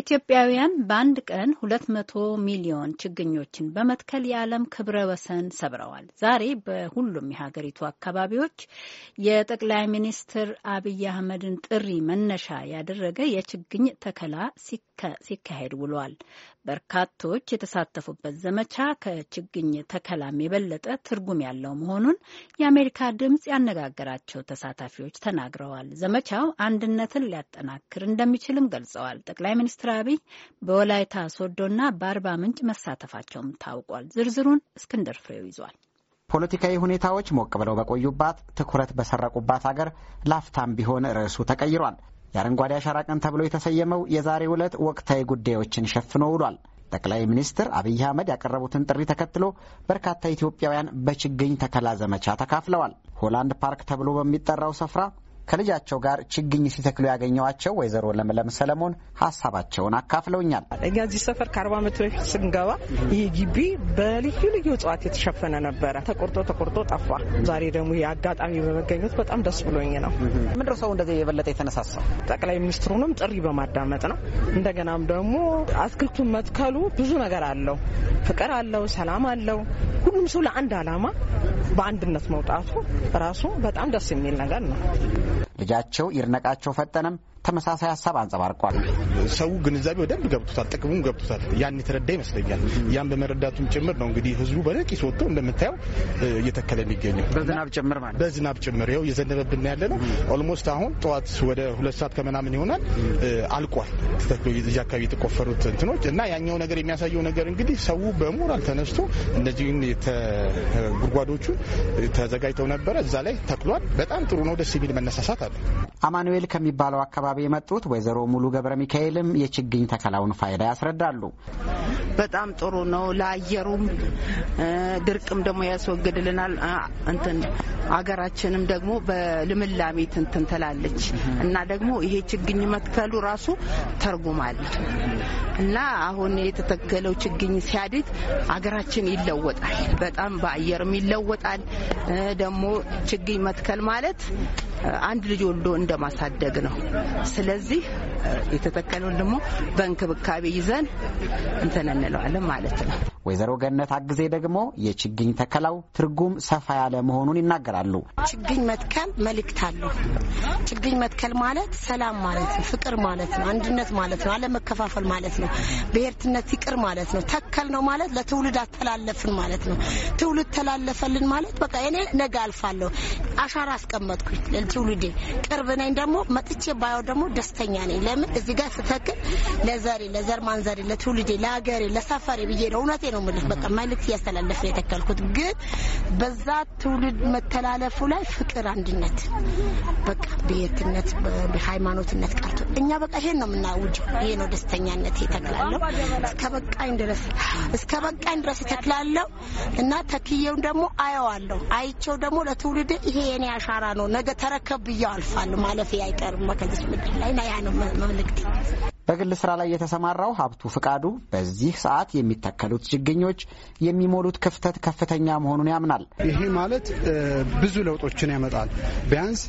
ኢትዮጵያውያን በአንድ ቀን ሁለት መቶ ሚሊዮን ችግኞችን በመትከል የዓለም ክብረ ወሰን ሰብረዋል። ዛሬ በሁሉም የሀገሪቱ አካባቢዎች የጠቅላይ ሚኒስትር አብይ አህመድን ጥሪ መነሻ ያደረገ የችግኝ ተከላ ሲ ሲካሄድ ውሏል። በርካቶች የተሳተፉበት ዘመቻ ከችግኝ ተከላም የበለጠ ትርጉም ያለው መሆኑን የአሜሪካ ድምፅ ያነጋገራቸው ተሳታፊዎች ተናግረዋል። ዘመቻው አንድነትን ሊያጠናክር እንደሚችልም ገልጸዋል። ጠቅላይ ሚኒስትር አብይ በወላይታ ሶዶና በአርባ ምንጭ መሳተፋቸውም ታውቋል። ዝርዝሩን እስክንድር ፍሬው ይዟል። ፖለቲካዊ ሁኔታዎች ሞቅ ብለው በቆዩባት ትኩረት በሰረቁባት አገር ላፍታም ቢሆን ርዕሱ ተቀይሯል። የአረንጓዴ አሻራ ቀን ተብሎ የተሰየመው የዛሬ ዕለት ወቅታዊ ጉዳዮችን ሸፍኖ ውሏል። ጠቅላይ ሚኒስትር አብይ አህመድ ያቀረቡትን ጥሪ ተከትሎ በርካታ ኢትዮጵያውያን በችግኝ ተከላ ዘመቻ ተካፍለዋል። ሆላንድ ፓርክ ተብሎ በሚጠራው ስፍራ ከልጃቸው ጋር ችግኝ ሲተክሉ ያገኘዋቸው ወይዘሮ ለምለም ሰለሞን ሀሳባቸውን አካፍለውኛል። እኛ እዚህ ሰፈር ከአርባ ዓመት በፊት ስንገባ ይህ ግቢ በልዩ ልዩ እጽዋት የተሸፈነ ነበረ። ተቆርጦ ተቆርጦ ጠፋ። ዛሬ ደግሞ ይህ አጋጣሚ በመገኘት በጣም ደስ ብሎኝ ነው። ምድር ሰው እንደዚህ የበለጠ የተነሳሳው ጠቅላይ ሚኒስትሩንም ጥሪ በማዳመጥ ነው። እንደገናም ደግሞ አትክልቱን መትከሉ ብዙ ነገር አለው፣ ፍቅር አለው፣ ሰላም አለው። ሁሉም ሰው ለአንድ አላማ በአንድነት መውጣቱ ራሱ በጣም ደስ የሚል ነገር ነው። ልጃቸው ይርነቃቸው ፈጠነም ተመሳሳይ ሀሳብ አንጸባርቋል። ሰው ግንዛቤ በደንብ ገብቶታል፣ ጥቅሙም ገብቶታል። ያን የተረዳ ይመስለኛል። ያን በመረዳቱም ጭምር ነው እንግዲህ ህዝቡ በነቂስ ወጥቶ እንደምታየው እየተከለ የሚገኘው በዝናብ ጭምር ማለት በዝናብ ጭምር ይኸው እየዘነበብን ያለ ነው። ኦልሞስት አሁን ጠዋት ወደ ሁለት ሰዓት ከምናምን ይሆናል አልቋል። ተተክሎ እዚህ አካባቢ የተቆፈሩት እንትኖች እና ያኛው ነገር የሚያሳየው ነገር እንግዲህ ሰው በሞራል ተነስቶ እነዚህን ጉድጓዶቹን ተዘጋጅተው ነበረ እዛ ላይ ተክሏል። በጣም ጥሩ ነው። ደስ የሚል መነሳሳት አለ። አማኑኤል ከሚባለው አካባቢ የመጡት ወይዘሮ ሙሉ ገብረ ሚካኤል ኃይልም የችግኝ ተከላውን ፋይዳ ያስረዳሉ። በጣም ጥሩ ነው። ለአየሩም ድርቅም ደግሞ ያስወግድልናል። እንትን አገራችንም ደግሞ በልምላሜ ትንትን ትላለች እና ደግሞ ይሄ ችግኝ መትከሉ ራሱ ተርጉማል እና አሁን የተተከለው ችግኝ ሲያድግ አገራችን ይለወጣል። በጣም በአየርም ይለወጣል። ደግሞ ችግኝ መትከል ማለት አንድ ልጅ ወልዶ እንደማሳደግ ነው። ስለዚህ የተተከለውን ደግሞ በእንክብካቤ ይዘን እንትን እንለዋለን ማለት ነው። ወይዘሮ ገነት አግዜ ደግሞ የችግኝ ተከላው ትርጉም ሰፋ ያለ መሆኑን ይናገራሉ። ችግኝ መትከል መልእክት አለው። ችግኝ መትከል ማለት ሰላም ማለት ነው፣ ፍቅር ማለት ነው፣ አንድነት ማለት ነው፣ አለመከፋፈል ማለት ነው፣ ብሔርትነት ይቅር ማለት ነው። ተከል ነው ማለት ለትውልድ አተላለፍን ማለት ነው። ትውልድ ተላለፈልን ማለት በቃ እኔ ነገ አልፋለሁ፣ አሻራ አስቀመጥኩኝ ትውልዴ ቅርብ ነኝ። ደግሞ መጥቼ ባየው ደግሞ ደስተኛ ነኝ። ለምን እዚህ ጋር ስተክል ለዘሬ ለዘር ማንዘሬ ለትውልዴ ለሀገሬ ለሰፈሬ ብዬ ነው። እውነቴ ነው የምልህ በቃ መልዕክት እያስተላለፈ የተከልኩት ግን በዛ ትውልድ መተላለፉ ላይ ፍቅር፣ አንድነት፣ በቃ ብሄርትነት፣ ሃይማኖትነት ቀርቶ እኛ በቃ ይሄን ነው የምናውጀው። ይሄ ነው ደስተኛነት። ተክላለሁ እስከ በቃኝ ድረስ እስከ በቃኝ ድረስ ተክላለሁ። እና ተክዬውን ደግሞ አየዋለሁ። አይቸው ደግሞ ለትውልድ ይሄ የኔ አሻራ ነው ነገ ተረከብ ብዬ አልፋለሁ። ማለፌ አይቀርም ከዚች ምድር ላይ ና ያ ነው መልእክቴ። በግል ስራ ላይ የተሰማራው ሀብቱ ፍቃዱ በዚህ ሰዓት የሚተከሉት ችግኞች የሚሞሉት ክፍተት ከፍተኛ መሆኑን ያምናል። ይሄ ማለት ብዙ ለውጦችን ያመጣል። ቢያንስ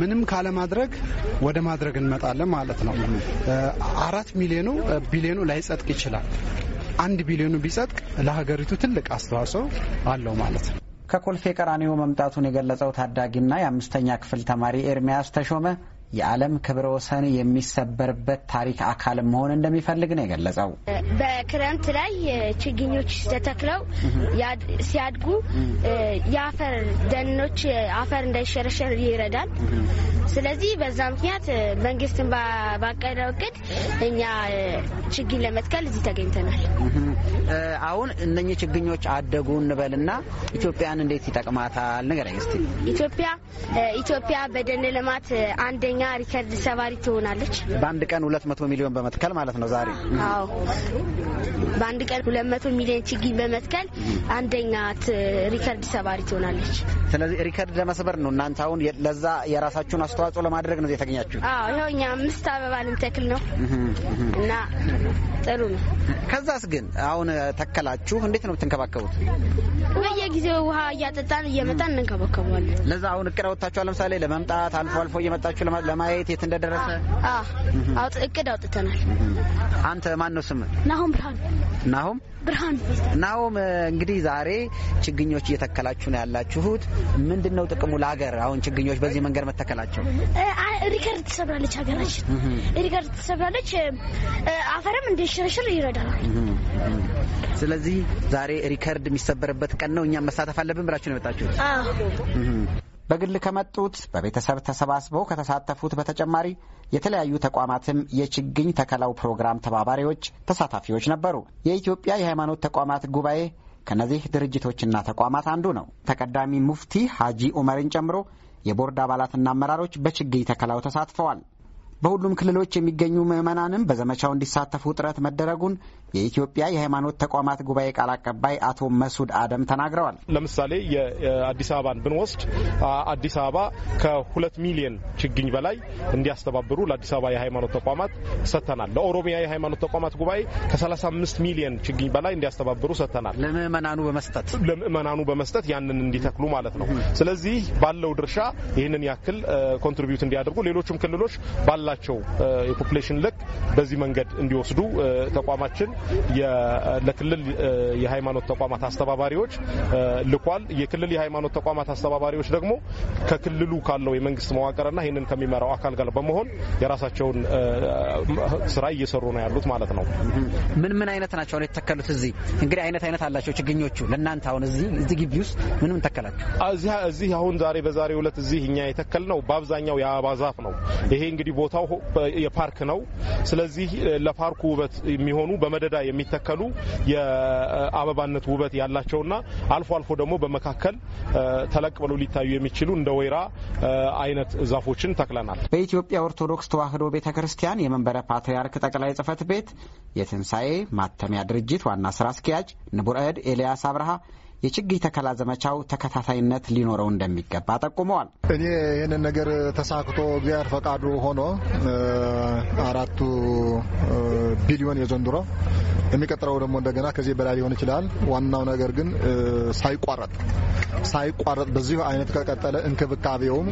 ምንም ካለማድረግ ወደ ማድረግ እንመጣለን ማለት ነው። አራት ሚሊዮኑ ቢሊዮኑ ላይጸጥቅ ይችላል። አንድ ቢሊዮኑ ቢጸድቅ ለሀገሪቱ ትልቅ አስተዋጽኦ አለው ማለት ነው። ከኮልፌ ቀራኒዮ መምጣቱን የገለጸው ታዳጊና የአምስተኛ ክፍል ተማሪ ኤርሚያስ ተሾመ የዓለም ክብረ ወሰን የሚሰበርበት ታሪክ አካል መሆን እንደሚፈልግ ነው የገለጸው። በክረምት ላይ ችግኞች ተተክለው ሲያድጉ የአፈር ደኖች አፈር እንዳይሸረሸር ይረዳል። ስለዚህ በዛ ምክንያት መንግስትን ባቀደው እቅድ እኛ ችግኝ ለመትከል እዚህ ተገኝተናል። አሁን እነኚህ ችግኞች አደጉ እንበልና ኢትዮጵያን እንዴት ይጠቅማታል? ንገረኝ እስቲ። ኢትዮጵያ ኢትዮጵያ በደን ልማት አንደኛ ከፍተኛ ሪከርድ ሰባሪ ትሆናለች። በአንድ ቀን ሁለት መቶ ሚሊዮን በመትከል ማለት ነው ዛሬ። አዎ በአንድ ቀን ሁለት መቶ ሚሊዮን ችግኝ በመትከል አንደኛ ሪከርድ ሰባሪ ትሆናለች። ስለዚህ ሪከርድ ለመስበር ነው እናንተ አሁን ለዛ የራሳችሁን አስተዋጽኦ ለማድረግ ነው የተገኛችሁ? አዎ ይኸው እኛ አምስት አበባ ልንተክል ነው እና ጥሩ ነው። ከዛስ ግን አሁን ተከላችሁ እንዴት ነው የምትንከባከቡት? ጊዜ ውሃ እያጠጣን እየመጣን እንንከባከበዋለን። ለዛ አሁን እቅድ አወጥታችኋል? ለምሳሌ ለመምጣት አልፎ አልፎ እየመጣችሁ ለማየት የት እንደደረሰ እቅድ አውጥተናል። አንተ ማን ነው ስም? ናሁም ብርሃን። ናሁም ብርሃን። ናሁም እንግዲህ ዛሬ ችግኞች እየተከላችሁ ነው ያላችሁት። ምንድን ነው ጥቅሙ ለሀገር? አሁን ችግኞች በዚህ መንገድ መተከላቸው ሪከርድ ትሰብራለች፣ ሀገራችን ሪከርድ ትሰብራለች። አፈርም እንዲሸረሽር ይረዳል። ስለዚህ ዛሬ ሪከርድ የሚሰበርበት ቀን ነው። እኛም መሳተፍ አለብን ብላችሁ ነው የመጣችሁት? በግል ከመጡት በቤተሰብ ተሰባስበው ከተሳተፉት በተጨማሪ የተለያዩ ተቋማትም የችግኝ ተከላው ፕሮግራም ተባባሪዎች ተሳታፊዎች ነበሩ። የኢትዮጵያ የሃይማኖት ተቋማት ጉባኤ ከነዚህ ድርጅቶችና ተቋማት አንዱ ነው። ተቀዳሚ ሙፍቲ ሀጂ ኡመርን ጨምሮ የቦርድ አባላትና አመራሮች በችግኝ ተከላው ተሳትፈዋል። በሁሉም ክልሎች የሚገኙ ምዕመናንም በዘመቻው እንዲሳተፉ ጥረት መደረጉን የኢትዮጵያ የሃይማኖት ተቋማት ጉባኤ ቃል አቀባይ አቶ መሱድ አደም ተናግረዋል። ለምሳሌ የአዲስ አበባን ብንወስድ አዲስ አበባ ከሁለት ሚሊዮን ችግኝ በላይ እንዲያስተባብሩ ለአዲስ አበባ የሃይማኖት ተቋማት ሰጥተናል። ለኦሮሚያ የሃይማኖት ተቋማት ጉባኤ ከ35 ሚሊዮን ችግኝ በላይ እንዲያስተባብሩ ሰጥተናል። ለምእመናኑ በመስጠት ለምእመናኑ በመስጠት ያንን እንዲተክሉ ማለት ነው። ስለዚህ ባለው ድርሻ ይህንን ያክል ኮንትሪቢዩት እንዲያደርጉ ሌሎችም ክልሎች ባላቸው የፖፕሌሽን ልክ በዚህ መንገድ እንዲወስዱ ተቋማችን ለክልል የሃይማኖት ተቋማት አስተባባሪዎች ልኳል። የክልል የሃይማኖት ተቋማት አስተባባሪዎች ደግሞ ከክልሉ ካለው የመንግስት መዋቅርና ይህንን ከሚመራው አካል ጋር በመሆን የራሳቸውን ስራ እየሰሩ ነው ያሉት ማለት ነው። ምን ምን አይነት ናቸው አሁን የተተከሉት? እዚህ እንግዲህ አይነት አይነት አላቸው ችግኞቹ። ለእናንተ አሁን እዚህ እዚህ ግቢ ውስጥ ምን ምን እዚህ አሁን ዛሬ በዛሬ ሁለት እዚህ እኛ የተከልነው በአብዛኛው የአበባ ዛፍ ነው። ይሄ እንግዲህ ቦታ ቦታው የፓርክ ነው። ስለዚህ ለፓርኩ ውበት የሚሆኑ በመደዳ የሚተከሉ የአበባነት ውበት ያላቸውና አልፎ አልፎ ደግሞ በመካከል ተለቅ ብለው ሊታዩ የሚችሉ እንደ ወይራ አይነት ዛፎችን ተክለናል። በኢትዮጵያ ኦርቶዶክስ ተዋሕዶ ቤተ ክርስቲያን የመንበረ ፓትርያርክ ጠቅላይ ጽሕፈት ቤት የትንሣኤ ማተሚያ ድርጅት ዋና ስራ አስኪያጅ ንቡረ እድ ኤልያስ አብርሃ የችግኝ ተከላ ዘመቻው ተከታታይነት ሊኖረው እንደሚገባ ጠቁመዋል። እኔ ይህንን ነገር ተሳክቶ እግዚአብሔር ፈቃዱ ሆኖ አራቱ ቢሊዮን የዘንድሮ የሚቀጥለው ደግሞ እንደገና ከዚህ በላይ ሊሆን ይችላል። ዋናው ነገር ግን ሳይቋረጥ ሳይቋረጥ በዚሁ አይነት ከቀጠለ እንክብካቤውም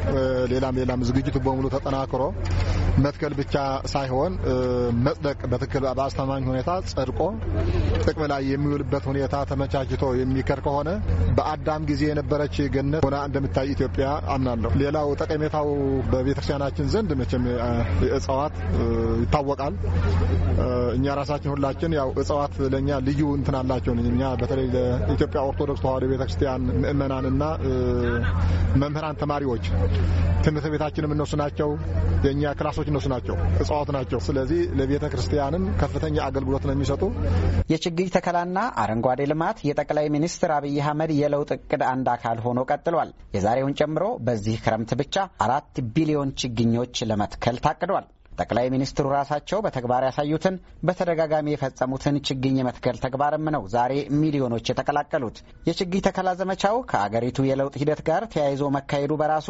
ሌላም ሌላም ዝግጅቱ በሙሉ ተጠናክሮ መትከል ብቻ ሳይሆን መጽደቅ በትክክል በአስተማማኝ ሁኔታ ጸድቆ ጥቅም ላይ የሚውልበት ሁኔታ ተመቻችቶ የሚከር ከሆነ በአዳም ጊዜ የነበረች ገነት ሆና እንደምታይ ኢትዮጵያ አምናለሁ። ሌላው ጠቀሜታው በቤተክርስቲያናችን ዘንድ መቼም እጽዋት ይታወቃል። እኛ ራሳችን ሁላችን ያው እጽዋት ለእኛ ልዩ እንትን አላቸው። እኛ በተለይ ለኢትዮጵያ ኦርቶዶክስ ተዋሕዶ ቤተክርስቲያን እና መምህራን ተማሪዎች ትምህርት ቤታችንም እነሱ ናቸው የእኛ ክላሶች እጽዋቶች እነሱ ናቸው እጽዋት ናቸው። ስለዚህ ለቤተ ክርስቲያንም ከፍተኛ አገልግሎት ነው የሚሰጡ። የችግኝ ተከላና አረንጓዴ ልማት የጠቅላይ ሚኒስትር አብይ አህመድ የለውጥ እቅድ አንድ አካል ሆኖ ቀጥሏል። የዛሬውን ጨምሮ በዚህ ክረምት ብቻ አራት ቢሊዮን ችግኞች ለመትከል ታቅዷል። ጠቅላይ ሚኒስትሩ ራሳቸው በተግባር ያሳዩትን በተደጋጋሚ የፈጸሙትን ችግኝ የመትከል ተግባርም ነው ዛሬ ሚሊዮኖች የተቀላቀሉት። የችግኝ ተከላ ዘመቻው ከአገሪቱ የለውጥ ሂደት ጋር ተያይዞ መካሄዱ በራሱ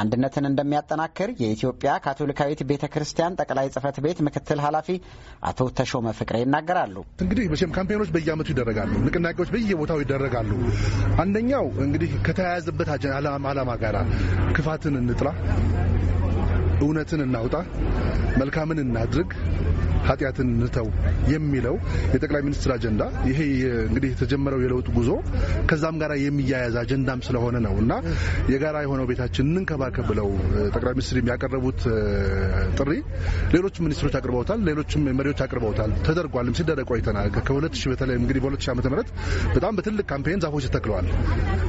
አንድነትን እንደሚያጠናክር የኢትዮጵያ ካቶሊካዊት ቤተ ክርስቲያን ጠቅላይ ጽህፈት ቤት ምክትል ኃላፊ አቶ ተሾመ ፍቅሬ ይናገራሉ። እንግዲህ መቼም ካምፔኖች በየአመቱ ይደረጋሉ፣ ንቅናቄዎች በየቦታው ይደረጋሉ። አንደኛው እንግዲህ ከተያያዘበት አላማ ጋር ክፋትን እንጥላ እውነትን እናውጣ፣ መልካምን እናድርግ፣ ኃጢአትን ንተው የሚለው የጠቅላይ ሚኒስትር አጀንዳ ይሄ እንግዲህ የተጀመረው የለውጥ ጉዞ ከዛም ጋር የሚያያዝ አጀንዳም ስለሆነ ነው እና የጋራ የሆነው ቤታችን እንንከባከብ ብለው ጠቅላይ ሚኒስትር የሚያቀረቡት ጥሪ ሌሎች ሚኒስትሮች አቅርበውታል፣ ሌሎችም መሪዎች አቅርበውታል። ተደርጓልም ሲደረግ ቆይተናል። ከ2000 በተለይ እንግዲህ በ2000 ዓመተ ምህረት በጣም በትልቅ ካምፔን ዛፎች ተተክለዋል።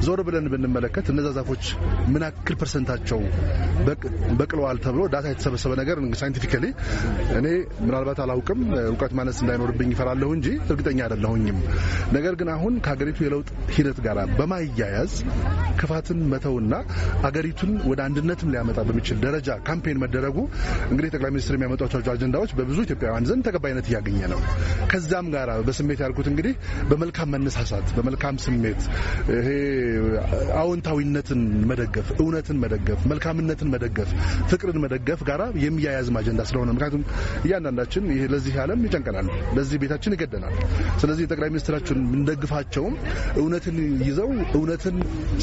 ዞር ብለን ብንመለከት እነዛ ዛፎች ምን ያክል ፐርሰንታቸው በቅለዋል ተብሎ ዳታ የተሰበሰበ ነገር ሳይንቲፊካሊ እኔ ምናልባት አላውቅም። እውቀት ማነስ እንዳይኖርብኝ ይፈራለሁ እንጂ እርግጠኛ አይደለሁኝም። ነገር ግን አሁን ከሀገሪቱ የለውጥ ሂደት ጋር በማያያዝ ክፋትን መተውና አገሪቱን ወደ አንድነትም ሊያመጣ በሚችል ደረጃ ካምፔን መደረጉ እንግዲህ ጠቅላይ ሚኒስትር የሚያመጧቸው አጀንዳዎች በብዙ ኢትዮጵያውያን ዘንድ ተቀባይነት እያገኘ ነው። ከዛም ጋር በስሜት ያልኩት እንግዲህ በመልካም መነሳሳት፣ በመልካም ስሜት ይሄ አዎንታዊነትን መደገፍ፣ እውነትን መደገፍ፣ መልካምነትን መደገፍ፣ ፍቅርን መደገፍ ጋራ የሚያያዝም አጀንዳ ስለሆነ ምክንያቱም እያንዳንዳችን ለዚህ ዓለም ይጨንቀናል፣ ለዚህ ቤታችን ይገደናል። ስለዚህ ጠቅላይ ሚኒስትራችን የምንደግፋቸውም እውነትን ይዘው እውነትን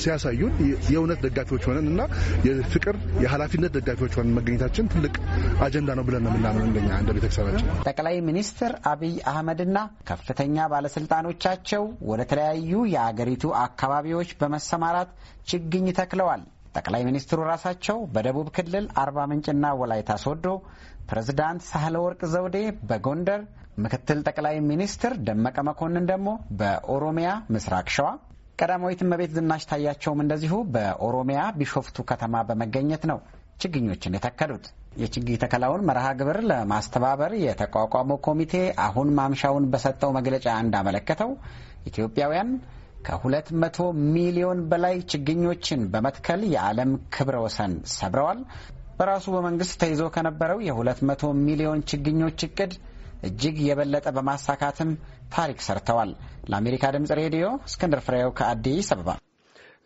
ሲያሳዩን የእውነት ደጋፊዎች ሆነን እና የፍቅር የኃላፊነት ደጋፊዎች ሆነን መገኘታችን ትልቅ አጀንዳ ነው ብለን ነው የምናምነው እንደኛ እንደ ቤተክሰባችን። ጠቅላይ ሚኒስትር አብይ አህመድና ከፍተኛ ባለስልጣኖቻቸው ወደ ተለያዩ የአገሪቱ አካባቢዎች በመሰማራት ችግኝ ተክለዋል። ጠቅላይ ሚኒስትሩ ራሳቸው በደቡብ ክልል አርባ ምንጭና ወላይታ ሶዶ፣ ፕሬዝዳንት ሳህለ ወርቅ ዘውዴ በጎንደር፣ ምክትል ጠቅላይ ሚኒስትር ደመቀ መኮንን ደግሞ በኦሮሚያ ምስራቅ ሸዋ፣ ቀዳማዊት እመቤት ዝናሽ ታያቸውም እንደዚሁ በኦሮሚያ ቢሾፍቱ ከተማ በመገኘት ነው ችግኞችን የተከሉት። የችግኝ ተከላውን መርሃ ግብር ለማስተባበር የተቋቋመው ኮሚቴ አሁን ማምሻውን በሰጠው መግለጫ እንዳመለከተው ኢትዮጵያውያን ከሁለት መቶ ሚሊዮን በላይ ችግኞችን በመትከል የዓለም ክብረ ወሰን ሰብረዋል። በራሱ በመንግስት ተይዞ ከነበረው የሁለት መቶ ሚሊዮን ችግኞች እቅድ እጅግ የበለጠ በማሳካትም ታሪክ ሰርተዋል። ለአሜሪካ ድምፅ ሬዲዮ እስክንድር ፍሬው ከአዲስ አበባ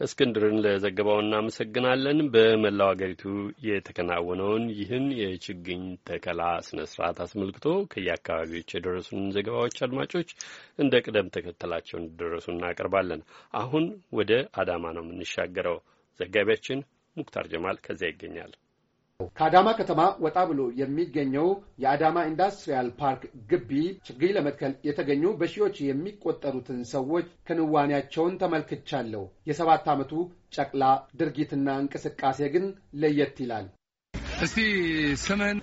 እስክንድርን ለዘገባው እናመሰግናለን። በመላው አገሪቱ የተከናወነውን ይህን የችግኝ ተከላ ስነ ስርዓት አስመልክቶ ከየአካባቢዎች የደረሱን ዘገባዎች አድማጮች እንደ ቅደም ተከተላቸው እንደደረሱ እናቀርባለን። አሁን ወደ አዳማ ነው የምንሻገረው። ዘጋቢያችን ሙክታር ጀማል ከዚያ ይገኛል። ከአዳማ ከተማ ወጣ ብሎ የሚገኘው የአዳማ ኢንዱስትሪያል ፓርክ ግቢ ችግኝ ለመትከል የተገኙ በሺዎች የሚቆጠሩትን ሰዎች ክንዋኔያቸውን ተመልክቻለሁ። የሰባት ዓመቱ ጨቅላ ድርጊትና እንቅስቃሴ ግን ለየት ይላል። እስቲ ስምህን?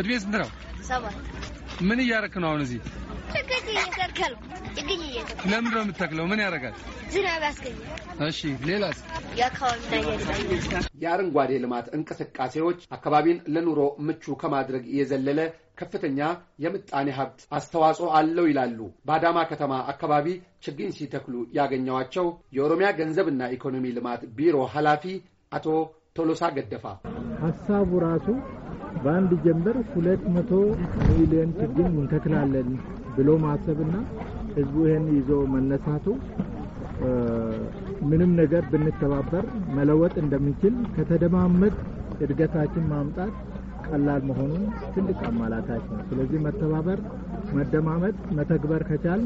እድሜ ስንት ነው? ምን እያደረክ ነው አሁን እዚህ? ችግኝ እየተከልኩ። ችግኝ እየተከልኩ። ነው የምትተክለው? ምን ያደርጋል? ዝናብ ያስገኛል። እሺ፣ ሌላስ? የአረንጓዴ ልማት እንቅስቃሴዎች አካባቢን ለኑሮ ምቹ ከማድረግ የዘለለ ከፍተኛ የምጣኔ ሀብት አስተዋጽኦ አለው ይላሉ በአዳማ ከተማ አካባቢ ችግኝ ሲተክሉ ያገኘዋቸው የኦሮሚያ ገንዘብና ኢኮኖሚ ልማት ቢሮ ኃላፊ አቶ ቶሎሳ ገደፋ ሀሳቡ ራሱ በአንድ ጀንበር ሁለት መቶ ሚሊዮን ችግኝ እንተክላለን ብሎ ማሰብና ህዝቡ ይህን ይዞ መነሳቱ ምንም ነገር ብንተባበር መለወጥ እንደምንችል ከተደማመጥ እድገታችን ማምጣት ቀላል መሆኑን ትልቅ አማላታች ነው። ስለዚህ መተባበር፣ መደማመጥ፣ መተግበር ከቻል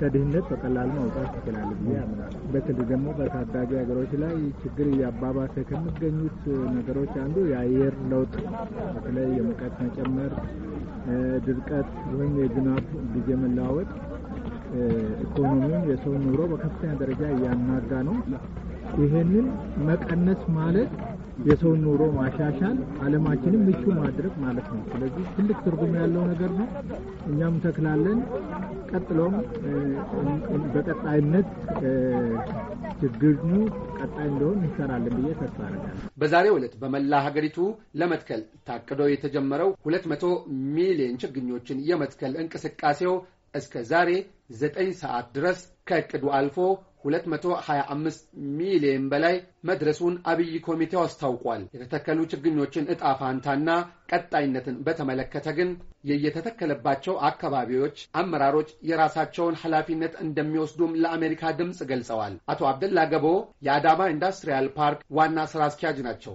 ከድህነት በቀላል ማውጣት ይችላል ብዬ አምናለሁ። በተለይ ደግሞ በታዳጊ ሀገሮች ላይ ችግር እያባባሰ ከሚገኙት ነገሮች አንዱ የአየር ለውጥ፣ በተለይ የሙቀት መጨመር፣ ድርቀት ወይም የዝናብ ጊዜ መለዋወጥ ኢኮኖሚውን፣ የሰው ኑሮ በከፍተኛ ደረጃ እያናጋ ነው። ይህንን መቀነስ ማለት የሰውን ኑሮ ማሻሻል አለማችንም ምቹ ማድረግ ማለት ነው። ስለዚህ ትልቅ ትርጉም ያለው ነገር ነው። እኛም ተክላለን። ቀጥሎም በቀጣይነት ችግኙ ቀጣይ እንደሆን እንሰራለን ብዬ ተስፋ አደርጋለሁ። በዛሬው ዕለት በመላ ሀገሪቱ ለመትከል ታቅዶ የተጀመረው ሁለት መቶ ሚሊዮን ችግኞችን የመትከል እንቅስቃሴው እስከ ዛሬ ዘጠኝ ሰዓት ድረስ ከእቅዱ አልፎ 225 ሚሊዮን በላይ መድረሱን አብይ ኮሚቴው አስታውቋል። የተተከሉ ችግኞችን እጣፋንታና ፋንታና ቀጣይነትን በተመለከተ ግን የየተተከለባቸው አካባቢዎች አመራሮች የራሳቸውን ኃላፊነት እንደሚወስዱም ለአሜሪካ ድምፅ ገልጸዋል። አቶ አብደላ ገቦ የአዳማ ኢንዱስትሪያል ፓርክ ዋና ስራ አስኪያጅ ናቸው።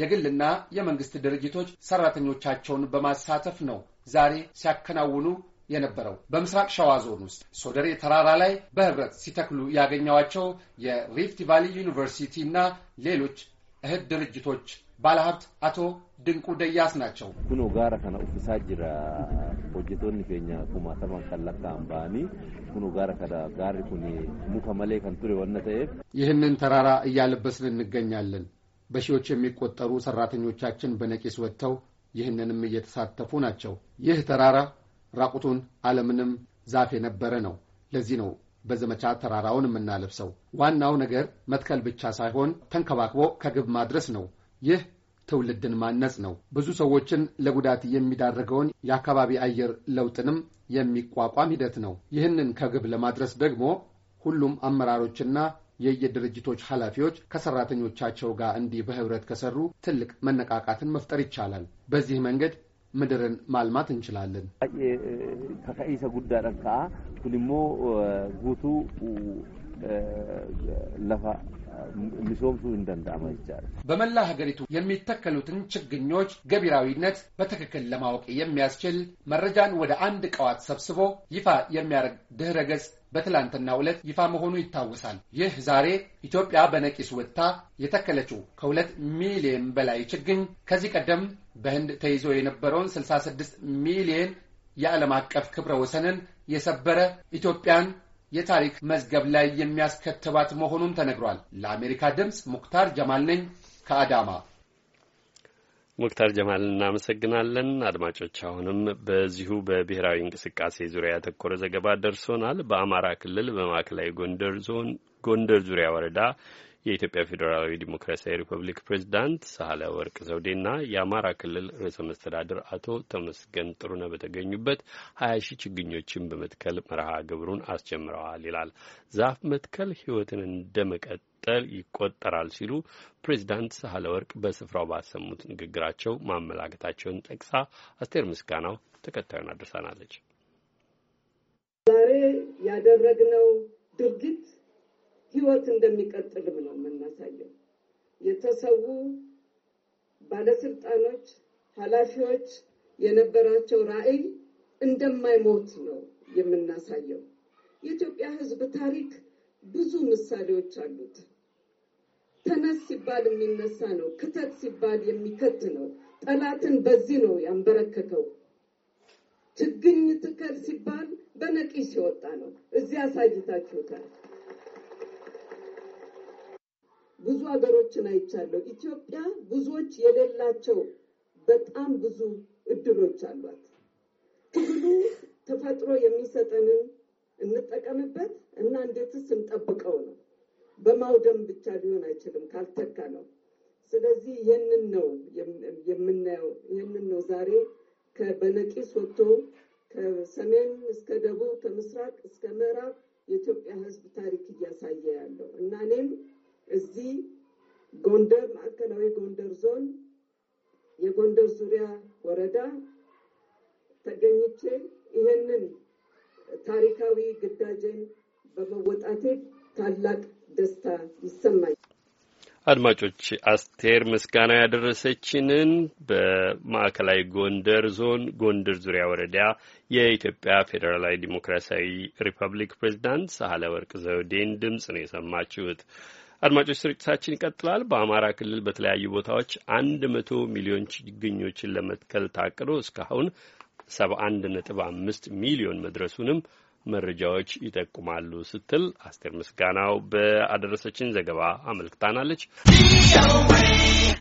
የግልና የመንግስት ድርጅቶች ሰራተኞቻቸውን በማሳተፍ ነው ዛሬ ሲያከናውኑ የነበረው። በምስራቅ ሸዋ ዞን ውስጥ ሶደሬ ተራራ ላይ በህብረት ሲተክሉ ያገኘዋቸው የሪፍት ቫሊ ዩኒቨርሲቲ እና ሌሎች እህት ድርጅቶች ባለሀብት አቶ ድንቁ ደያስ ናቸው። ኩኖ ጋራ ከነ ኡፍሳ ጅራ ሆጀቶን ኬኛ ኩማተማን ቀለካ አምባኒ ኩኖ ጋራ ከዳ ጋሪ ኩኒ ሙከ መሌ ከንቱሬ ይህንን ተራራ እያለበስን እንገኛለን። በሺዎች የሚቆጠሩ ሰራተኞቻችን በነቂስ ወጥተው ይህንንም እየተሳተፉ ናቸው። ይህ ተራራ ራቁቱን አለምንም ዛፍ የነበረ ነው። ለዚህ ነው በዘመቻ ተራራውን የምናለብሰው። ዋናው ነገር መትከል ብቻ ሳይሆን ተንከባክቦ ከግብ ማድረስ ነው። ይህ ትውልድን ማነጽ ነው። ብዙ ሰዎችን ለጉዳት የሚዳርገውን የአካባቢ አየር ለውጥንም የሚቋቋም ሂደት ነው። ይህንን ከግብ ለማድረስ ደግሞ ሁሉም አመራሮችና የየድርጅቶች ኃላፊዎች ከሰራተኞቻቸው ጋር እንዲህ በህብረት ከሰሩ ትልቅ መነቃቃትን መፍጠር ይቻላል። በዚህ መንገድ ምድርን ማልማት እንችላለን። ከከኢሰ ጉዳይ ኩኒሞ ጉቱ ለፋ ሚሶምሱ እንደንዳማ ይቻላል። በመላ ሀገሪቱ የሚተከሉትን ችግኞች ገቢራዊነት በትክክል ለማወቅ የሚያስችል መረጃን ወደ አንድ ቀዋት ሰብስቦ ይፋ የሚያደርግ ድህረ ገጽ በትላንትና ዕለት ይፋ መሆኑ ይታወሳል። ይህ ዛሬ ኢትዮጵያ በነቂስ ወጥታ የተከለችው ከሁለት ሚሊየን በላይ ችግኝ ከዚህ ቀደም በህንድ ተይዞ የነበረውን 66 ሚሊየን የዓለም አቀፍ ክብረ ወሰንን የሰበረ ኢትዮጵያን የታሪክ መዝገብ ላይ የሚያስከትባት መሆኑን ተነግሯል። ለአሜሪካ ድምፅ ሙክታር ጀማል ነኝ ከአዳማ ሙክታር ጀማል እናመሰግናለን። አድማጮች አሁንም በዚሁ በብሔራዊ እንቅስቃሴ ዙሪያ ያተኮረ ዘገባ ደርሶናል። በአማራ ክልል በማዕከላዊ ጎንደር ዞን ጎንደር ዙሪያ ወረዳ የኢትዮጵያ ፌዴራላዊ ዲሞክራሲያዊ ሪፐብሊክ ፕሬዚዳንት ሳህለ ወርቅ ዘውዴና የአማራ ክልል ርዕሰ መስተዳድር አቶ ተመስገን ጥሩነህ በተገኙበት ሀያ ሺህ ችግኞችን በመትከል መርሃ ግብሩን አስጀምረዋል ይላል። ዛፍ መትከል ህይወትን እንደመቀጠል ይቆጠራል ሲሉ ፕሬዚዳንት ሳህለ ወርቅ በስፍራው ባሰሙት ንግግራቸው ማመላከታቸውን ጠቅሳ አስቴር ምስጋናው ተከታዩን አድርሳናለች። ዛሬ ያደረግነው ድርጊት ህይወት እንደሚቀጥልም ነው የምናሳየው። የተሰዉ ባለስልጣኖች፣ ኃላፊዎች የነበራቸው ራዕይ እንደማይሞት ነው የምናሳየው። የኢትዮጵያ ህዝብ ታሪክ ብዙ ምሳሌዎች አሉት። ተነስ ሲባል የሚነሳ ነው። ክተት ሲባል የሚከት ነው። ጠላትን በዚህ ነው ያንበረከከው። ችግኝ ትከል ሲባል በነቂስ ሲወጣ ነው። እዚህ አሳይታችሁታል። ብዙ ሀገሮችን አይቻለሁ። ኢትዮጵያ ብዙዎች የሌላቸው በጣም ብዙ እድሎች አሏት። ትግሉ ተፈጥሮ የሚሰጠንን እንጠቀምበት እና እንዴትስ እንጠብቀው ነው። በማውደም ብቻ ሊሆን አይችልም ካልተካ ነው። ስለዚህ ይህንን ነው የምናየው። ይህንን ነው ዛሬ በነቂስ ወጥቶ ከሰሜን እስከ ደቡብ ከምስራቅ እስከ ምዕራብ የኢትዮጵያ ሕዝብ ታሪክ እያሳየ ያለው እና እኔም እዚህ ጎንደር ማዕከላዊ ጎንደር ዞን የጎንደር ዙሪያ ወረዳ ተገኝቼ ይህንን ታሪካዊ ግዳጅን በመወጣቴ ታላቅ ደስታ ይሰማኝ። አድማጮች አስቴር ምስጋና ያደረሰችንን በማዕከላዊ ጎንደር ዞን ጎንደር ዙሪያ ወረዳ የኢትዮጵያ ፌዴራላዊ ዲሞክራሲያዊ ሪፐብሊክ ፕሬዚዳንት ወርቅ ዘውዴን ድምፅ ነው የሰማችሁት። አድማጮች ስርጭታችን ይቀጥላል። በአማራ ክልል በተለያዩ ቦታዎች አንድ መቶ ሚሊዮን ችግኞችን ለመትከል ታቅዶ እስካሁን ሰባ አንድ ነጥብ አምስት ሚሊዮን መድረሱንም መረጃዎች ይጠቁማሉ ስትል አስቴር ምስጋናው በአደረሰችን ዘገባ አመልክታናለች።